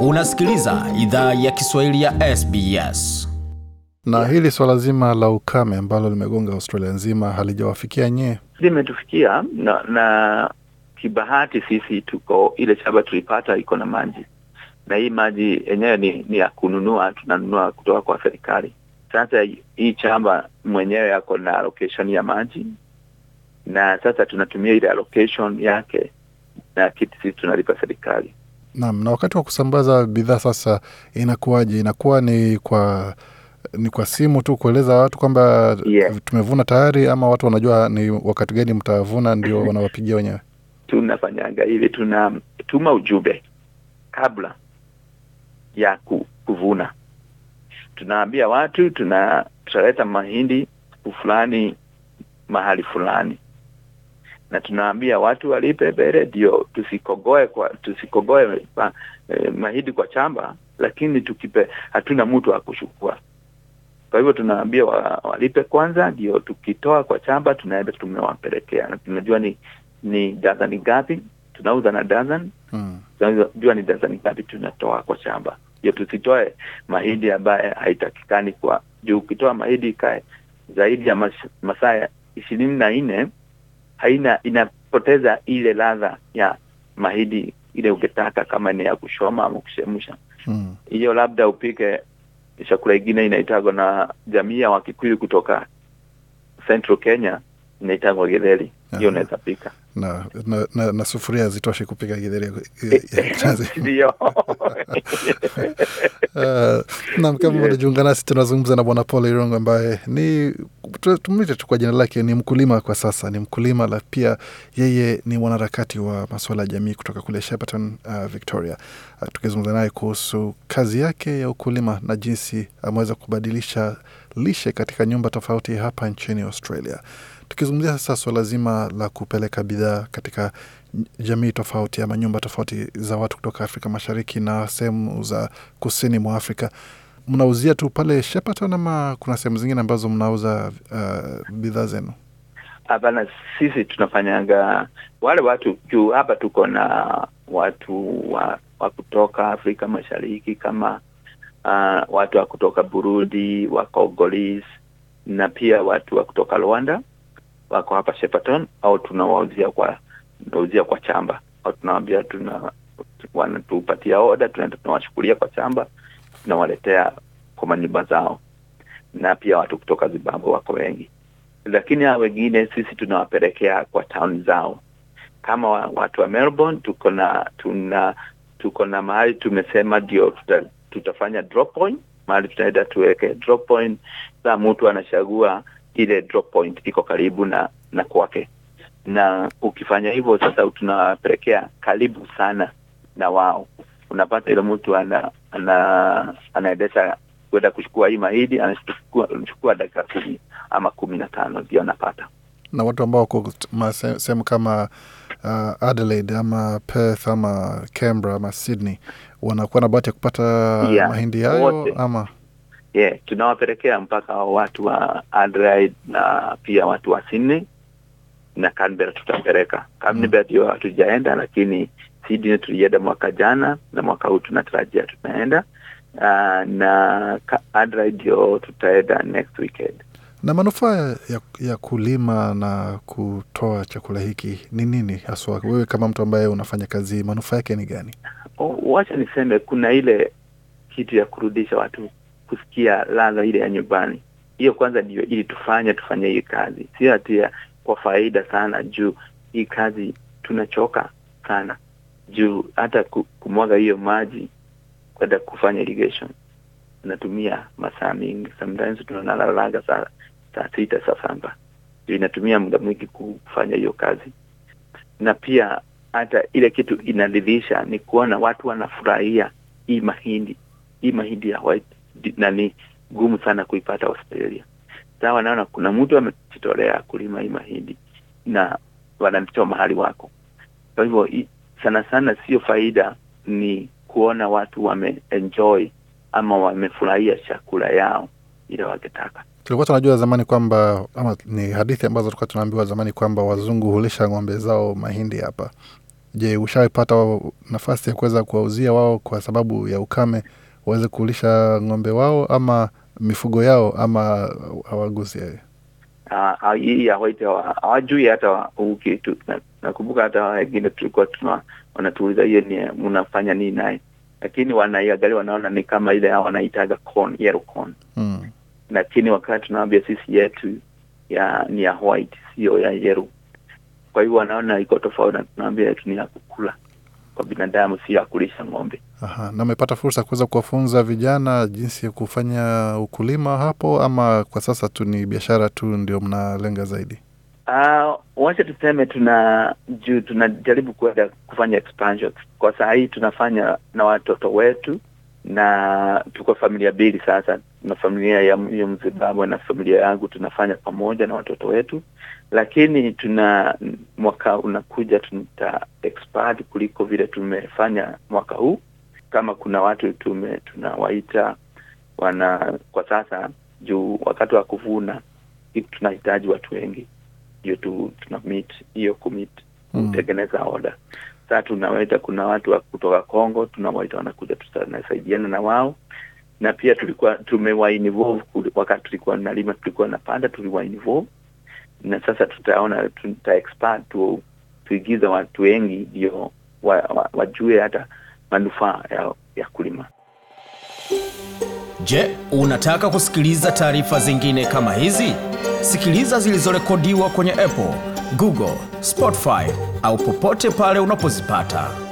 Unasikiliza idhaa ya Kiswahili ya SBS na hili swala zima la ukame ambalo limegonga Australia nzima halijawafikia nyee? Limetufikia na, na kibahati sisi tuko ile shamba tulipata iko na maji, na hii maji yenyewe ni, ni ya kununua, tunanunua kutoka kwa serikali. Sasa hii shamba mwenyewe yako na allocation ya maji, na sasa tunatumia ile allocation yake na kitu sisi tunalipa serikali. Naam, na wakati wa kusambaza bidhaa sasa inakuwaje? Inakuwa ni kwa ni kwa simu tu kueleza watu kwamba yeah, tumevuna tayari, ama watu wanajua ni wakati gani mtavuna, ndio wanawapigia wenyewe? tunafanyaga hivi, tunatuma ujumbe kabla ya ku, kuvuna. Tunaambia watu tunaleta mahindi fulani mahali fulani na tunaambia watu walipe bere ndio tusikogoe kwa tusikogoe ma, eh, mahidi kwa chamba, lakini tukipe hatuna mtu wa kuchukua. Kwa hivyo tunaambia wa, walipe kwanza, ndio tukitoa kwa chamba tunaenda tumewapelekea, na tunajua ni ni dazani ngapi tunauza na dazan hmm. tunajua ni dazani ngapi tunatoa kwa chamba, ndio tusitoe mahidi ambaye haitakikani, kwa juu ukitoa mahidi ikae zaidi ya masaa ishirini na nne haina inapoteza ile ladha ya mahidi ile ungetaka kama ni ya kushoma ama kuchemsha hmm. hiyo, hmm. labda upike chakula ingine inaitagwa na jamii ya Wakikuyu kutoka Central Kenya inaitagwa githeri, hiyo unaweza pika na, na, na, na sufuria zitoshe kupika githeri ya kazi. Ndio. Uh, naam, kama unajiunga nasi, tunazungumza na Bwana Paul Irongo ambaye ni tumite tu kwa jina lake, ni mkulima kwa sasa, ni mkulima la pia yeye ni mwanaharakati wa masuala ya jamii kutoka kule Shepparton, uh, Victoria. Uh, tukizungumza naye kuhusu kazi yake ya ukulima na jinsi ameweza kubadilisha lishe katika nyumba tofauti hapa nchini Australia. Tukizungumzia sasa suala zima la kupeleka bidhaa katika jamii tofauti ama nyumba tofauti za watu kutoka Afrika Mashariki na sehemu za kusini mwa Afrika, mnauzia tu pale Shepparton ama kuna sehemu zingine ambazo mnauza uh, bidhaa zenu? Hapana, sisi tunafanyaga wale watu juu hapa tuko na watu wa, wa kutoka Afrika Mashariki kama uh, watu wa kutoka Burundi, wa Congolese na pia watu wa kutoka Rwanda wako hapa Shepparton au tunawauzia kwa tunauzia kwa chamba au tunawaambia tuna wanatupatia oda, tunaenda tunawachukulia kwa chamba, tunawaletea kwa manyumba zao, na pia watu kutoka Zimbabwe wako wengi, lakini hao wengine sisi tunawapelekea kwa town zao. Kama watu wa Melbourne tuko na tuna tuko na mahali tumesema ndio tuta, tutafanya drop point mahali tunaenda tuweke drop point, mtu anachagua ile drop point iko karibu na na kwake, na ukifanya hivyo sasa tunapelekea karibu sana na wao. Unapata ile mtu ana ana anaendesha kwenda kuchukua hii mahidi anachukua dakika kumi ama kumi na tano ndio anapata. Na watu ambao wako sehemu kama uh, Adelaide ama Perth ama Canberra ama Sydney wanakuwa na bahati ya kupata yeah, mahindi hayo ama yeah, tunawapelekea mpaka watu wa Adelaide na pia watu wa Sydney na Canberra tutapeleka. Canberra hiyo mm. hatujaenda, lakini Sydney tulienda mwaka jana na mwaka huu tunatarajia tunaenda uh, na Adelaide hiyo tutaenda next weekend. Na manufaa ya, ya kulima na kutoa chakula hiki ni nini haswa? Wewe kama mtu ambaye unafanya kazi, manufaa yake ni gani? Oh, wacha niseme kuna ile kitu ya kurudisha watu kusikia ladha ile ya nyumbani. Hiyo kwanza ndio ilitufanya tufanye hii kazi, sio ati kwa faida sana, juu hii kazi tunachoka sana, juu hata kumwaga hiyo maji kwenda kufanya irrigation tunatumia masaa mingi, sometimes tunalalaga saa saa sita saa saba, inatumia muda mwingi kufanya hiyo kazi. Na pia hata ile kitu inaridhisha ni kuona watu wanafurahia hii mahindi, hii mahindi ya white nani gumu sana kuipata Australia. Sawa, naona kuna mtu amejitolea kulima hii mahindi na wanamtoa mahali wako. Kwa hivyo sana sana sio faida, ni kuona watu wameenjoy ama wamefurahia chakula yao ile wakitaka. Tulikuwa tunajua zamani kwamba ama ni hadithi ambazo tulikuwa tunaambiwa zamani kwamba wazungu hulisha ng'ombe zao mahindi hapa. Je, ushawepata nafasi ya kuweza kuwauzia wao kwa sababu ya ukame? waweze kulisha ng'ombe wao ama mifugo yao ama hawaguzi yeye ah, ah, hii ya white hawajui hata ukitu. Nakumbuka hata wengine tulikuwa tuna wanatuuliza hiyo ni unafanya nini naye, lakini wanaiagali wanaona ni kama ile wanaitaga corn, yellow corn mm. Lakini wakati tunaambia sisi yetu ya ni ya white, sio ya yeru Kwa hiyo wanaona iko tofauti, na tunaambia yetu ni ya kwa binadamu, sio ya kulisha ng'ombe. Aha, na amepata fursa ya kuweza kuwafunza vijana jinsi ya kufanya ukulima hapo, ama kwa sasa tu ni biashara tu ndio mnalenga zaidi? Uh, wacha tuseme tuna juu tunajaribu kuenda kufanya expansion. Kwa saa hii tunafanya na watoto wetu na tuko familia mbili sasa, na familia ya Mzimbabwe na familia yangu tunafanya pamoja na watoto wetu, lakini tuna mwaka unakuja tuta expand kuliko vile tumefanya mwaka huu. Kama kuna watu tume tunawaita wana kwa sasa, juu wakati wa kuvuna tunahitaji watu wengi, ndio tu tuna meet hiyo commit kutengeneza mm. order. Sasa tunawaita, kuna watu wa kutoka Kongo tunawaita, wanakuja, tunasaidiana na wao na pia tulikuwa tumewa involve wakati tulikuwa nalima, tulikuwa napanda, tuliwa involve na sasa tutaona tuta expand tu, tuigiza watu wengi ndio wajue wa, wa hata manufaa ya, ya kulima. Je, unataka kusikiliza taarifa zingine kama hizi? Sikiliza zilizorekodiwa kwenye Apple, Google, Spotify au popote pale unapozipata.